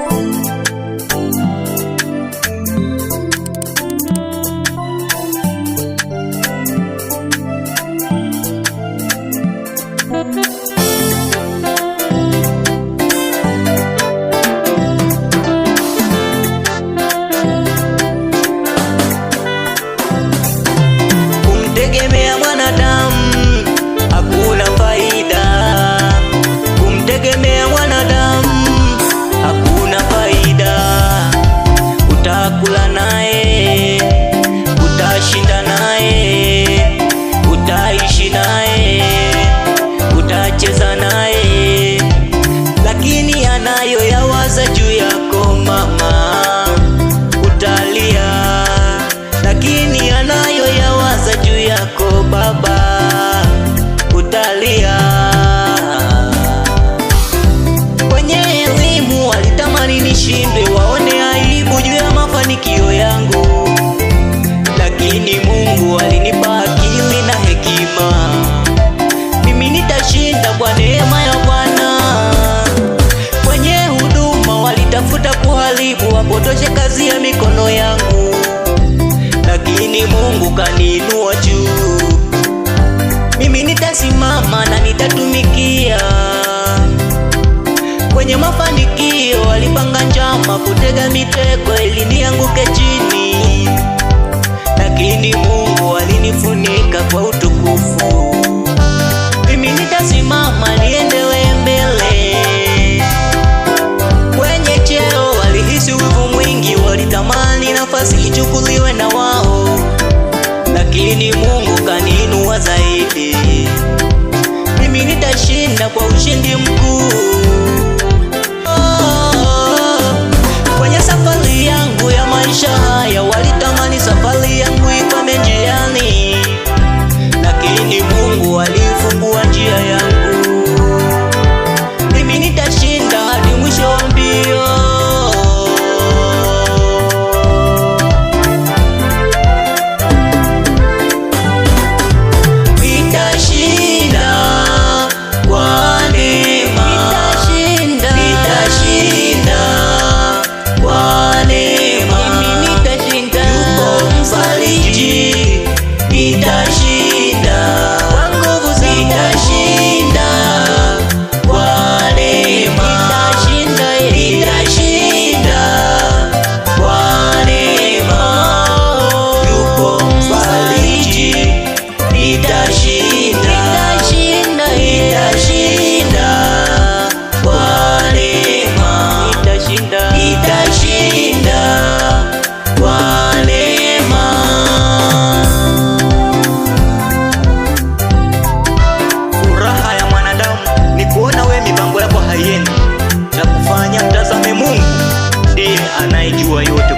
Música nitoshe kazi ya mikono yangu, lakini Mungu kaniinua juu. Mimi nitasimama na nitatumikia kwenye mafanikio. Alipanga njama kutega mitego ili nianguke chini. wasichukuliwe na wao, lakini Mungu You are out